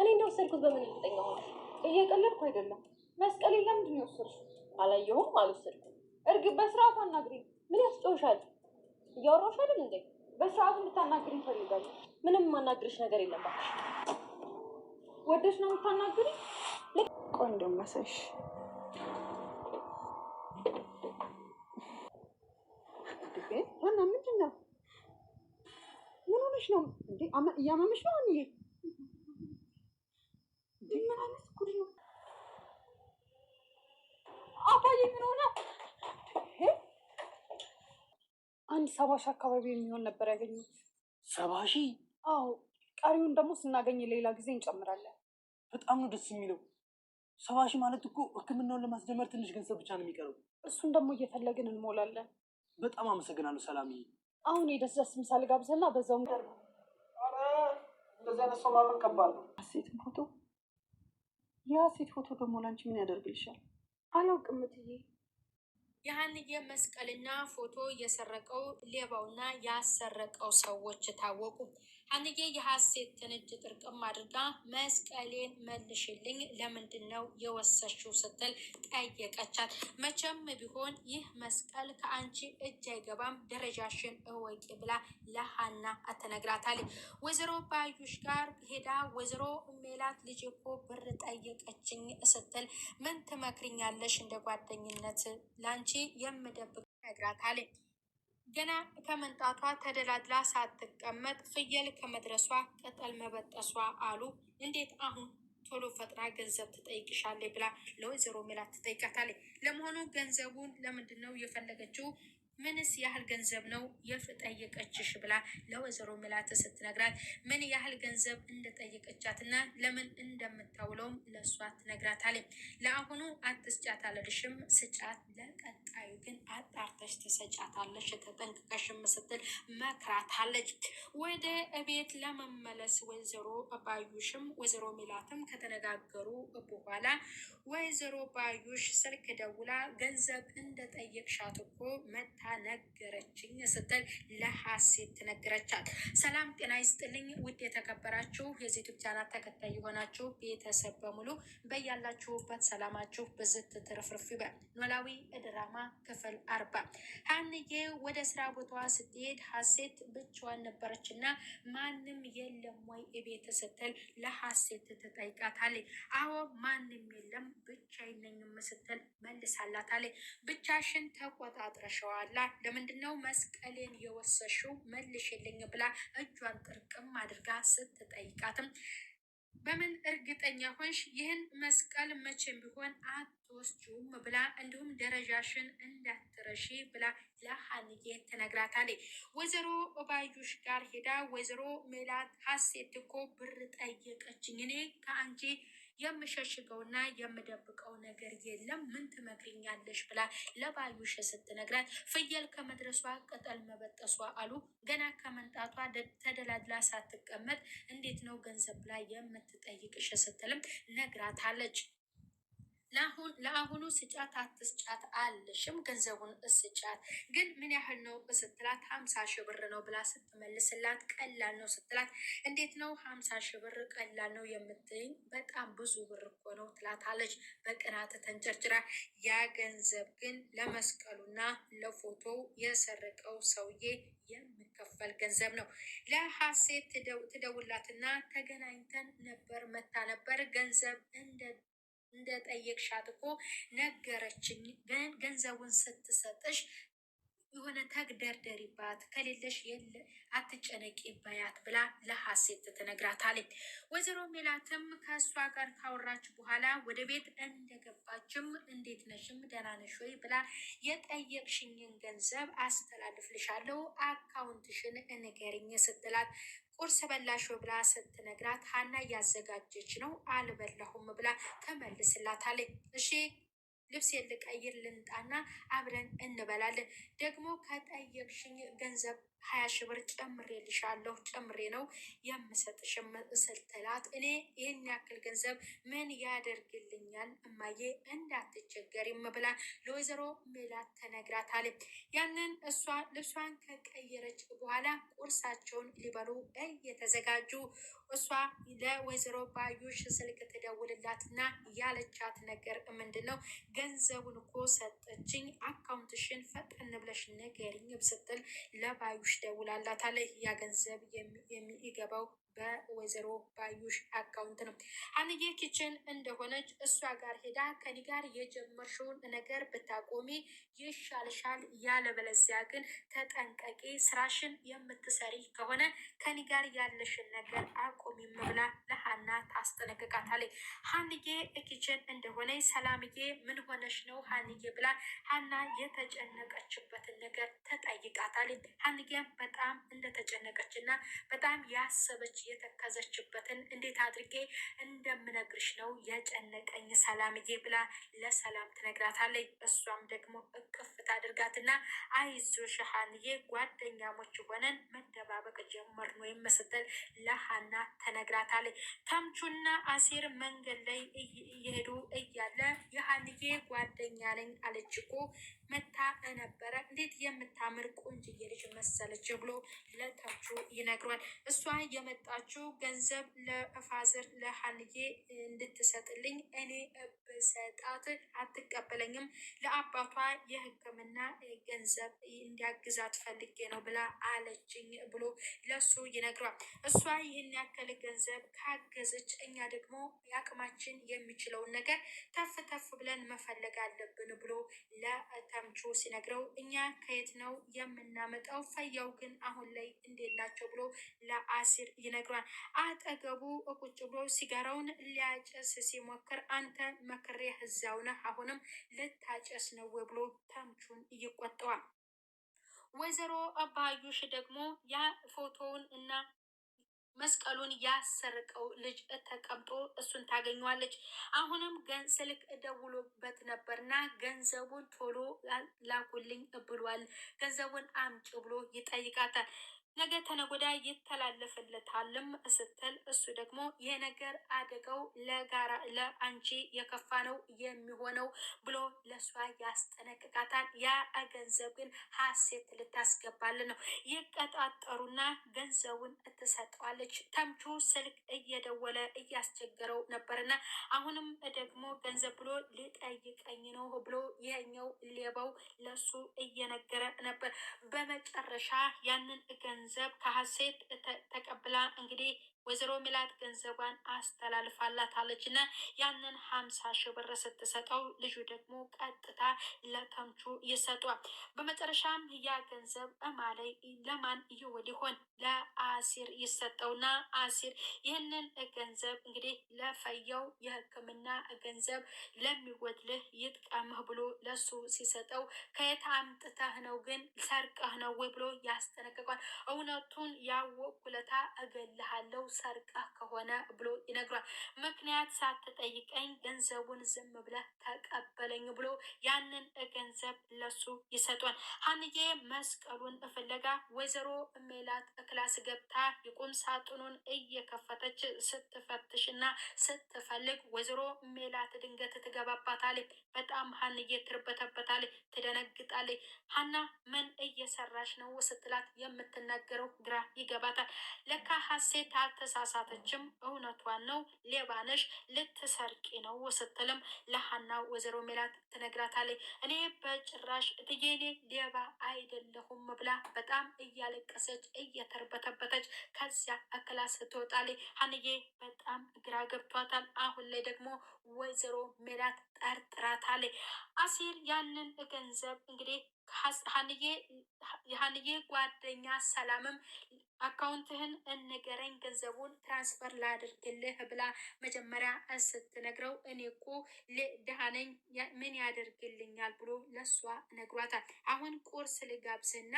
እኔ እንደወሰድኩት በምን እርግጠኛ ሆነ? እየቀለድኩ አይደለም። መስቀል ለምንድን ነው የወሰድሽው? አላየሁም፣ አልወሰድኩም። እርግብ በስርዓቱ አናግሪኝ። ምን ያስጮሻል? እያወራሻል እንዴ? በስርዓቱ እንድታናግሪኝ እፈልጋለሁ። ምንም የማናግርሽ ነገር የለም። እባክሽ ወደሽ ነው የምታናግሪኝ? ቆንጆ መሰሽ ዋና ምንድን ነው? ምን ሆነሽ ነው? እያመመሽ ነው አንዬ አንድ ሰባ ሺህ አካባቢ የሚሆን ነበር ያገኙት። ሰባ ሺህ? አዎ። ቀሪውን ደግሞ ስናገኝ ሌላ ጊዜ እንጨምራለን። በጣም ነው ደስ የሚለው። ሰባ ሺህ ማለት እኮ ሕክምናውን ለማስጀመር ትንሽ ገንዘብ ብቻ ነው የሚቀርቡ። እሱን ደግሞ እየፈለግን እንሞላለን። በጣም አመሰግናለሁ ሰላምዬ። አሁን የደስ ደስ ምሳሌ ጋብዘና በዛውም ቀር እንደዚህ አይነት ሰው ማመን ከባድ ነው። ሴት ፎቶ ያ ሴት ፎቶ ደግሞ ላንቺ ምን ያደርግልሻል? አላውቅም እትዬ። የሀንዬ መስቀልና ፎቶ የሰረቀው ሌባውና ያሰረቀው ሰዎች ታወቁ። ሀንዬ የሀሴት ትንጅ ጥርቅም አድርጋ መስቀሌን መልሽልኝ ለምንድን ነው የወሰሽው ስትል ጠየቀቻት። መቼም ቢሆን ይህ መስቀል ከአንቺ እጅ አይገባም ደረጃሽን እወቂ ብላ ለሀና አተነግራታለች። ወይዘሮ ባዩሽ ጋር ሄዳ ወይዘሮ ሜላት ልጅ እኮ ብር ጠየቀችኝ ስትል ምን ትመክርኛለሽ? እንደ ጓደኝነት ላንቺ የምደብቅ ነግራታለች። ገና ከመንጣቷ ተደላድላ ሳትቀመጥ ፍየል ከመድረሷ ቅጠል መበጠሷ አሉ። እንዴት አሁን ቶሎ ፈጥና ገንዘብ ትጠይቅሻለች ብላ ለወይዘሮ ሜላት ትጠይቃታለች። ለመሆኑ ገንዘቡን ለምንድን ነው የፈለገችው? ምንስ ያህል ገንዘብ ነው የጠየቀችሽ? ብላ ለወይዘሮ ምላት ስትነግራት ምን ያህል ገንዘብ እንደጠየቀቻትና ለምን እንደምታውለውም ለእሷ ትነግራት ለአሁኑ አትስጫት አልልሽም፣ ስጫት፣ ለቀጣዩ ግን አጣርተሽ ትሰጫታለሽ፣ ተጠንቅቀሽም ስትል መክራታለች። ወደ እቤት ለመመለስ ወይዘሮ ባዩሽም ወይዘሮ ሚላትም ከተነጋገሩ በኋላ ወይዘሮ ባዩሽ ስልክ ደውላ ገንዘብ እንደጠየቅሻት እኮ መታ ነገረችኝ ስትል ለሀሴት ትነግረቻል። ሰላም ጤና ይስጥልኝ ውድ የተከበራችሁ የዩቱብ ቻናል ተከታይ የሆናችሁ ቤተሰብ በሙሉ በያላችሁበት ሰላማችሁ ብዝት ትርፍርፍ ይበል። ኖላዊ ድራማ ክፍል አርባ ሀንዬ ወደ ስራ ቦታዋ ስትሄድ ሀሴት ብቻዋን ነበረች እና ማንም የለም ወይ እቤት ስትል ለሀሴት ትጠይቃታለች። አዎ ማንም የለም ብቻዬን ነኝ ስትል መልሳላታለች። ብቻሽን ተቆጣጥረሸዋል ብላ ለምንድነው መስቀሌን የወሰሽው መልሽልኝ ብላ እጇን ጥርቅም አድርጋ ስትጠይቃትም በምን እርግጠኛ ሆንሽ? ይህን መስቀል መቼም ቢሆን አትወስጂውም ብላ እንዲሁም ደረጃሽን እንዳትረሺ ብላ ለሀንዬ ትነግራታለች። ወይዘሮ ባዩሽ ጋር ሄዳ ወይዘሮ ሜላት ሀሴት እኮ ብር ጠየቀችኝ እኔ ከአንቺ የምሸሽገውና የምደብቀው ነገር የለም ምን ትመክርኛለሽ ብላ ለባዩሽ ስትነግራት ፍየል ከመድረሷ ቅጠል መበጠሷ አሉ። ገና ከመንጣቷ ተደላድላ ሳትቀመጥ እንዴት ነው ገንዘብ ላይ የምትጠይቅሽ ስትልም ነግራታለች። ለአሁኑ ስጫት አትስጫት አለሽም ገንዘቡን እስጫት ግን ምን ያህል ነው ስትላት ሀምሳ ሺህ ብር ነው ብላ ስትመልስላት ቀላል ነው ስትላት፣ እንዴት ነው ሀምሳ ሺህ ብር ቀላል ነው የምትይኝ? በጣም ብዙ ብር እኮ ነው ትላታለች በቅናት ተንጨርጭራ። ያ ገንዘብ ግን ለመስቀሉና ለፎቶ የሰረቀው ሰውዬ የሚከፈል ገንዘብ ነው። ለሀሴት ትደውላትና ተገናኝተን ነበር መታ ነበር ገንዘብ እንደ እንደ ጠየቅሻት እኮ ነገረችኝ። ገንዘቡን ስትሰጥሽ የሆነ ተግደርደሪባት ከሌለሽ አትጨነቂ ባያት ብላ ለሀሴት ትነግራታለች። ወይዘሮ ሜላትም ከእሷ ጋር ካወራች በኋላ ወደ ቤት እንደገባችም እንዴት ነሽም ደህና ነሽ ወይ ብላ የጠየቅሽኝን ገንዘብ አስተላልፍልሻለሁ አካውንትሽን እንገርኝ ስትላት ቁርስ በላሽ ብላ ስትነግራት ሀና እያዘጋጀች ነው አልበላሁም ብላ ተመልስላታለች። እሺ ልብስ ልቀይር ልንጣና አብረን እንበላለን። ደግሞ ከጠየቅሽኝ ገንዘብ ሀያ ሺህ ብር ልሻለሁ ጨምሬ ነው የምሰጥሽ ስትላት እኔ ይህን ያክል ገንዘብ ምን ያደርግልኝ ይለኛል። እማዬ እንዳትቸገር ብላ ለወይዘሮ ሜላት ተነግራታል። ያንን እሷ ልብሷን ከቀየረች በኋላ ቁርሳቸውን ሊበሉ እየተዘጋጁ እሷ ለወይዘሮ ባዩሽ ስልክ ትደውልላትና ያለቻት ነገር ምንድን ነው? ገንዘቡን እኮ ሰጠችኝ፣ አካውንትሽን ፈጠን ብለሽ ንገሪኝ ስትል ለባዩሽ ደውላላታለች። ያ ገንዘብ የሚገባው በወይዘሮ ባዩሽ አካውንት ነው። አንዬ ኪችን እንደሆነች እሷ ጋር ሄዳ ከኔ ጋር የጀመርሽውን ነገር ብታቆሚ ይሻልሻል፣ ያለበለዚያ ግን ተጠንቀቂ፣ ስራሽን የምትሰሪ ከሆነ ከኔ ጋር ያለሽን ነገር አቆሚ ብላ ለሀና ታስጠነቅቃታለች። ሀንዬ ኪችን እንደሆነ ሰላምዬ ምን ሆነሽ ነው ሀንዬ ብላ ሀና የተጨነቀችበትን ነገር ተጠይቃታለች። ሀንዬም በጣም እንደተጨነቀች እና በጣም ያሰበች የተከዘችበትን እንዴት አድርጌ እንደምነግርሽ ነው የጨነቀኝ ሰላምዬ ብላ ለሰላም ትነግራታለች። እሷም ደግሞ እቅፍ ታድርጋትና አይዞሽ ሀንዬ ጓደኛሞች ሆነን መደባበቅ ጀመር ነው የምስትል ለሀና ተነግራታለች። ተምቹና አሴር መንገድ ላይ እየሄዱ እያለ የሀንዬ ጓደኛ ነኝ አለች እኮ መታ ነበረ እንዴት የምታምር ቆንጅዬ ልጅ መሰለች ብሎ ለተምቹ ይነግሯል። እሷ የመጣ እባካችሁ ገንዘብ ለፋዘር ለሀንዬ እንድትሰጥልኝ እኔ ብሰጣትህ አትቀበለኝም፣ ለአባቷ የሕክምና ገንዘብ እንዲያግዛት ፈልጌ ነው ብላ አለችኝ ብሎ ለሱ ይነግሯል። እሷ ይህን ያክል ገንዘብ ካገዘች እኛ ደግሞ የአቅማችን የሚችለውን ነገር ተፍ ተፍ ብለን መፈለግ አለብን ብሎ ለተምቹ ሲነግረው እኛ ከየት ነው የምናመጣው? ፈያው ግን አሁን ላይ እንዴት ናቸው ብሎ ለአሲር ይነግሯል። አጠገቡ ቁጭ ብሎ ሲጋራውን ሊያጨስ ሲሞክር አንተ መከ መክሬ እዚያው ነህ አሁንም ልታጨስ ነው ብሎ ተምቹን ይቆጠዋል። ወይዘሮ አባዩሽ ደግሞ ያ ፎቶውን እና መስቀሉን ያሰርቀው ልጅ ተቀምጦ እሱን ታገኘዋለች። አሁንም ገን ስልክ ደውሎበት ነበርና ገንዘቡን ቶሎ ላኩልኝ ብሏል። ገንዘቡን አምጭ ብሎ ይጠይቃታል። ነገ ተነጎዳ ይተላለፍለታልም ስትል እሱ ደግሞ የነገር አደጋው ለጋራ ለአንቺ የከፋ ነው የሚሆነው ብሎ ለሷ ያስጠነቅቃታል። ያ ገንዘብ ግን ሀሴት ልታስገባል ነው ይቀጣጠሩና ገንዘቡን ትሰጠዋለች። ተምቹ ስልክ እየደወለ እያስቸገረው ነበርና አሁንም ደግሞ ገንዘብ ብሎ ሊጠይቀኝ ነው ብሎ ይህኛው ሌባው ለሱ እየነገረ ነበር። በመጨረሻ ያንን ገንዘብ ገንዘብ ከሀሴት ተቀብላ እንግዲህ ወይዘሮ ሚላት ገንዘቧን አስተላልፋላታለች እና ያንን ሀምሳ ሺህ ብር ስትሰጠው ልጁ ደግሞ ቀጥታ ለተምቹ ይሰጧል። በመጨረሻም ያ ገንዘብ እማላይ ለማን ይውል ይሆን? ለአሲር ይሰጠውና አሲር ይህንን ገንዘብ እንግዲህ ለፈየው የሕክምና ገንዘብ ለሚጎድልህ ይጥቀምህ ብሎ ለሱ ሲሰጠው ከየት አምጥተህ ነው ግን ሰርቀህ ነው ወይ ብሎ ያስጠነቅቋል። እውነቱን ያወቅ ያወኩለታ እገልሃለው ሰርቃ ከሆነ ብሎ ይነግሯል። ምክንያት ሳትጠይቀኝ ገንዘቡን ዝም ብለህ ተቀበለኝ ብሎ ያንን ገንዘብ ለሱ ይሰጧል። ሀንዬ መስቀሉን ፍለጋ ወይዘሮ ሜላት ክላስ ገብታ የቁም ሳጥኑን እየከፈተች ስትፈትሽና ስትፈልግ ወይዘሮ ሜላት ድንገት ትገባባታለች። በጣም ሀንዬ ትርበተበታለች፣ ትደነግጣለች። ሀና ምን እየሰራሽ ነው ስትላት የምትናገረው ግራ ይገባታል። ለካ ሀሴት አልተሳሳተችም፣ እውነቷን ነው፣ ሌባነሽ ልትሰርቂ ነው ስትልም ለሀና ወይዘሮ ሜላት ትነግራታለች። እኔ በጭራሽ እትዬኔ ሌባ አይደለሁም ብላ በጣም እያለቀሰች እየተርበተበተች ከዚያ ክላስ ትወጣለች። ሀንዬ በጣም ግራ ገብቷታል። አሁን ላይ ደግሞ ወይዘሮ ሜላት ጠርጥራታለች። አሲር ያንን ገንዘብ እንግዲህ ሀንዬ ጓደኛ ሰላምም አካውንትህን እንገረኝ ገንዘቡን ትራንስፈር ላድርግልህ ብላ መጀመሪያ ስትነግረው እኔ እኮ ድሃ ነኝ ምን ያደርግልኛል ብሎ ለሷ ነግሯታል። አሁን ቁርስ ልጋብዝና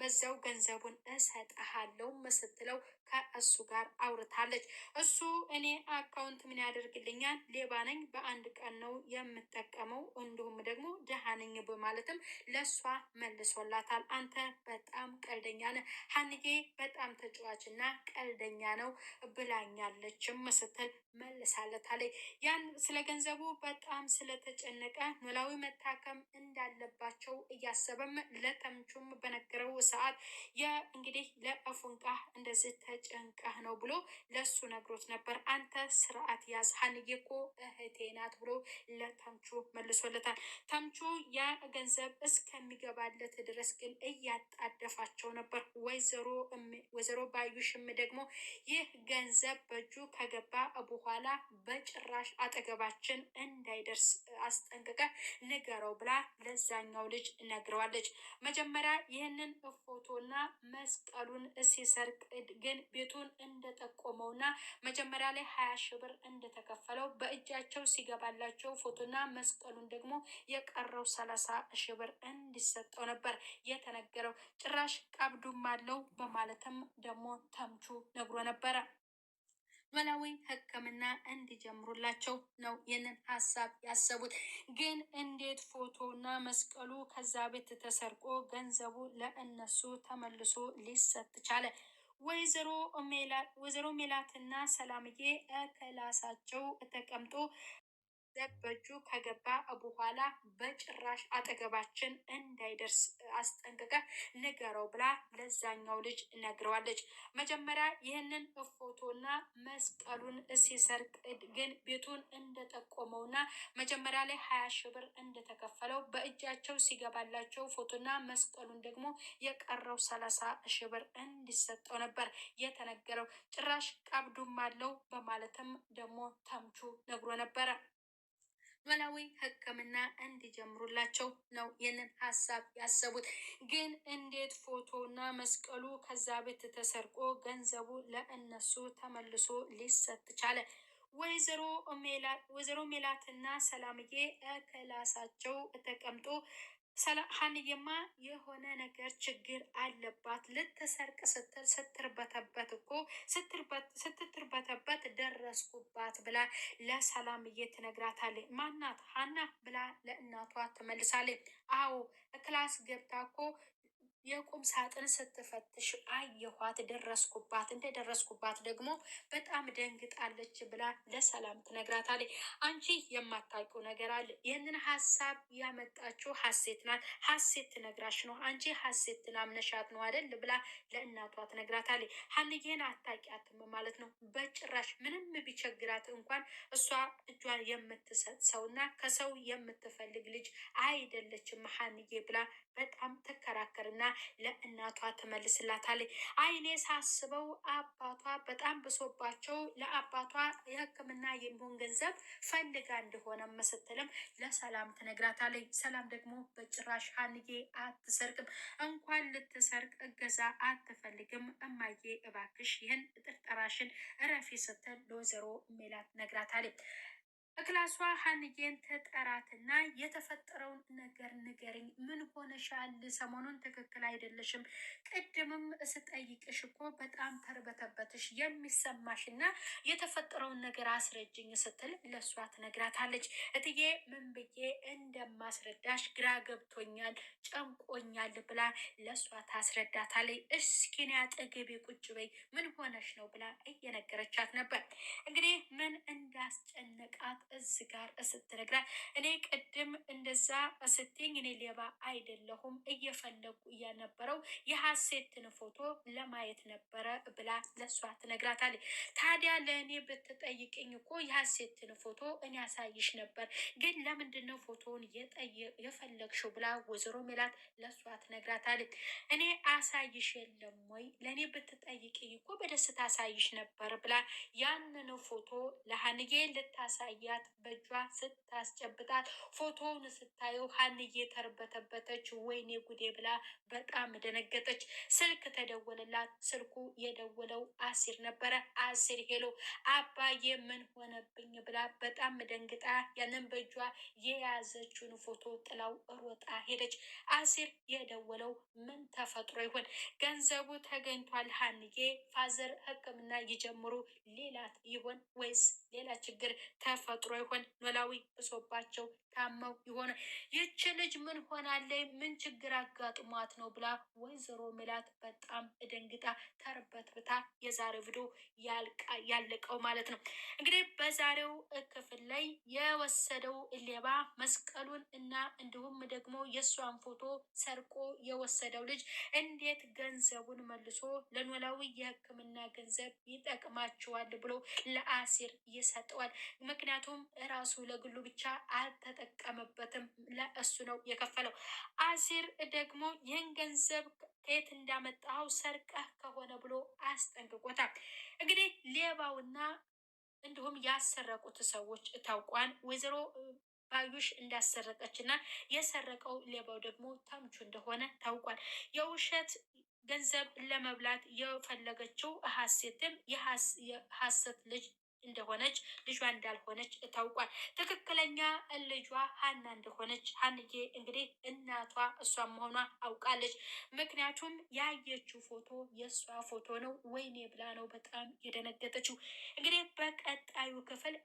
በዛው ገንዘቡን እሰጥሃለው ስትለው ከእሱ ጋር አውርታለች። እሱ እኔ አካውንት ምን ያደርግልኛል? ሌባ ነኝ፣ በአንድ ቀን ነው የምጠቀመው፣ እንዲሁም ደግሞ ድሃ ነኝ በማለትም ለእሷ መልሶላታል። አንተ በጣም ቀልደኛ ነህ፣ ሀንዬ በጣም ተጫዋችና ቀልደኛ ነው ብላኛለችም መስትል መልሳለታለይ ያን ስለ ገንዘቡ በጣም ስለተጨነቀ ኖላዊ መታከም እንዳለባቸው እያሰበም ለተምቹም በነገረው ሰዓት እንግዲህ ለአፉንቃ እንደዚህ ተጨንቀህ ነው ብሎ ለሱ ነግሮት ነበር። አንተ ስርዓት ያዝ፣ ሀንዬ እኮ እህቴ ናት ብሎ ለተምቹ መልሶለታል። ተምቹ ያ ገንዘብ እስከሚገባለት ድረስ ግን እያጣደፋቸው ነበር። ወይዘሮ ባዩሽም ደግሞ ይህ ገንዘብ በእጁ ከገባ በኋላ በጭራሽ አጠገባችን እንዳይደርስ አስጠንቅቀ ንገረው ብላ ለዛኛው ልጅ ነግረዋለች። መጀመሪያ ይህንን ፎቶና መስቀሉን ሲሰርቅ ግን ቤቱን እንደጠቆመውና መጀመሪያ ላይ ሀያ ሺህ ብር እንደተከፈለው በእጃቸው ሲገባላቸው ፎቶና መስቀሉን ደግሞ የቀረው ሰላሳ ሺህ ብር እንዲሰጠው ነበር የተነገረው። ጭራሽ ቀብዱም አለው በማለትም ደግሞ ተምቹ ነግሮ ነበረ። ኖላዊ ሕክምና እንዲጀምሩላቸው ነው ይህንን ሀሳብ ያሰቡት። ግን እንዴት ፎቶና መስቀሉ ከዛ ቤት ተሰርቆ ገንዘቡ ለእነሱ ተመልሶ ሊሰጥ ቻለ? ወይዘሮ ሜላትና ሰላምዬ ከላሳቸው ተቀምጦ ገንዘብ በእጁ ከገባ በኋላ በጭራሽ አጠገባችን እንዳይደርስ አስጠንቅቀ ንገረው ብላ ለዛኛው ልጅ ነግረዋለች። መጀመሪያ ይህንን ፎቶና መስቀሉን ሲሰርቅ ግን ቤቱን እንደጠቆመውና መጀመሪያ ላይ ሀያ ሺ ብር እንደተከፈለው በእጃቸው ሲገባላቸው ፎቶና መስቀሉን ደግሞ የቀረው ሰላሳ ሺ ብር እንዲሰጠው ነበር የተነገረው። ጭራሽ ቀብዱም አለው በማለትም ደግሞ ተምቹ ነግሮ ነበረ። ዘመናዊ ሕክምና እንዲጀምሩላቸው ነው ይህንን ሀሳብ ያሰቡት። ግን እንዴት ፎቶና መስቀሉ ከዛ ቤት ተሰርቆ ገንዘቡ ለእነሱ ተመልሶ ሊሰጥ ቻለ? ወይዘሮ ሜላትና ሰላምዬ ክላሳቸው ተቀምጦ ሀንዬማ የሆነ ነገር ችግር አለባት። ልትሰርቅ ስትል ስትርበተበት እኮ ስትትርበተበት ደረስኩባት ብላ ለሰላም ትነግራታለች። ማናት ሀና ብላ ለእናቷ ትመልሳለች። አዎ ክላስ ገብታ እኮ የቁም ሳጥን ስትፈትሽ አየኋት። ደረስኩባት። እንደደረስኩባት ደግሞ በጣም ደንግጣለች ብላ ለሰላም ትነግራታለች። አንቺ የማታውቂው ነገር አለ። ይህንን ሀሳብ ያመጣችው ሀሴት ናት። ሀሴት ትነግራሽ ነው። አንቺ ሀሴት ትናምነሻት ነው አይደል? ብላ ለእናቷ ትነግራታለች። ሀልዬን አታውቂያትም ማለት ነው። በጭራሽ ምንም ቢቸግራት እንኳን እሷ እጇን የምትሰጥ ሰውና ከሰው የምትፈልግ ልጅ አይደለችም ሀንዬ ብላ በጣም ትከራከርና ለእናቷ ተመልስላታል። አይኔ ሳስበው አባቷ በጣም ብሶባቸው ለአባቷ የሕክምና የሚሆን ገንዘብ ፈልጋ እንደሆነ ስትልም ለሰላም ትነግራታለች። ሰላም ደግሞ በጭራሽ ሀንዬ አትሰርቅም፣ እንኳን ልትሰርቅ እገዛ አትፈልግም። እማዬ እባክሽ ይህን ጥርጠራሽን እረፊ ስትል ለወይዘሮ ሜላት ነግራታለች። እክላሷ ሀንዬን ተጠራትና የተፈጠረውን ነገር ንገርኝ። ምን ሆነሻል? ሰሞኑን ትክክል አይደለሽም። ቅድምም ስጠይቅሽ እኮ በጣም ተርበተበትሽ የሚሰማሽ እና የተፈጠረውን ነገር አስረጅኝ ስትል ለእሷ ትነግራታለች። እትዬ ምን ብዬ እንደማስረዳሽ ግራ ገብቶኛል፣ ጨንቆኛል ብላ ለእሷ ታስረዳታለች። እስኪንያ ጠገቤ ቁጭ በይ ምን ሆነሽ ነው ብላ እየነገረቻት ነበር። እንግዲህ ምን እንዳስጨነቃት እዚ ጋር ስትነግራል እኔ ቅድም እንደዛ ስትኝ እኔ ሌባ አይደለሁም እየፈለጉ እያነበረው የሀሴትን ፎቶ ለማየት ነበረ ብላ ለሷ ትነግራታለች። ታዲያ ለእኔ ብትጠይቅኝ እኮ የሀሴትን ፎቶ እኔ ያሳይሽ ነበር፣ ግን ለምንድነው ፎቶውን የፈለግሽው? ብላ ወይዘሮ ሜላት ለሷ ትነግራታለች። እኔ አሳይሽ የለም ወይ ለእኔ ብትጠይቅኝ እኮ በደስታ አሳይሽ ነበር ብላ ያንን ፎቶ ለሀንዬ ልታሳያ አሳያት። በእጇ ስታስጨብጣት ፎቶውን ስታየው ሀን ተርበተበተች። ወይኔ ጉዴ ብላ በጣም ደነገጠች። ስልክ ተደወለላት። ስልኩ የደወለው አሲር ነበረ። አሲር ሄሎ አባዬ ምን ሆነብኝ ብላ በጣም ደንግጣ ያንን በእጇ የያዘችውን ፎቶ ጥላው ሮጣ ሄደች። አሲር የደወለው ምን ተፈጥሮ ይሆን? ገንዘቡ ተገኝቷል፣ ሀንዬ ፋዘር ሕክምና ይጀምሩ ሌላት ይሆን ወይስ ሌላ ችግር ተፈጥሮ ይሆን? ኖላዊ ብሶባቸው ታመው ይሆን? ይች ልጅ ምን ሆናለይ? ምን ችግር አጋጥሟት ነው ብላ ወይዘሮ ሜላት በጣም ደንግጣ ተርበት ብታ የዛሬ ቪዲዮ ያለቀው ማለት ነው። እንግዲህ በዛሬው ክፍል ላይ የወሰደው ሌባ መስቀሉን እና እንዲሁም ደግሞ የእሷን ፎቶ ሰርቆ የወሰደው ልጅ እንዴት ገንዘቡን መልሶ ለኖላዊ የሕክምና ገንዘብ ይጠቅማቸዋል ብሎ ለአሲር ይሰጠዋል። ምክንያቱም ራሱ ለግሉ ብቻ አልተጠቀመበትም፣ ለእሱ ነው የከፈለው። አሲር ደግሞ ይህን ገንዘብ ከየት እንዳመጣው ሰርቀህ ከሆነ ብሎ አስጠንቅቆታል። እንግዲህ ሌባውና እንዲሁም ያሰረቁት ሰዎች ታውቋን ወይዘሮ ባዩሽ እንዳሰረቀች እና የሰረቀው ሌባው ደግሞ ታምቹ እንደሆነ ታውቋል። የውሸት ገንዘብ ለመብላት የፈለገችው ሀሴትም የሀሰት ልጅ እንደሆነች ልጇ እንዳልሆነች ታውቋል። ትክክለኛ ልጇ ሀና እንደሆነች ሀንዬ እንግዲህ እናቷ እሷ መሆኗ አውቃለች። ምክንያቱም ያየችው ፎቶ የእሷ ፎቶ ነው ወይኔ ብላ ነው በጣም የደነገጠችው። እንግዲህ በቀጣዩ ክፍል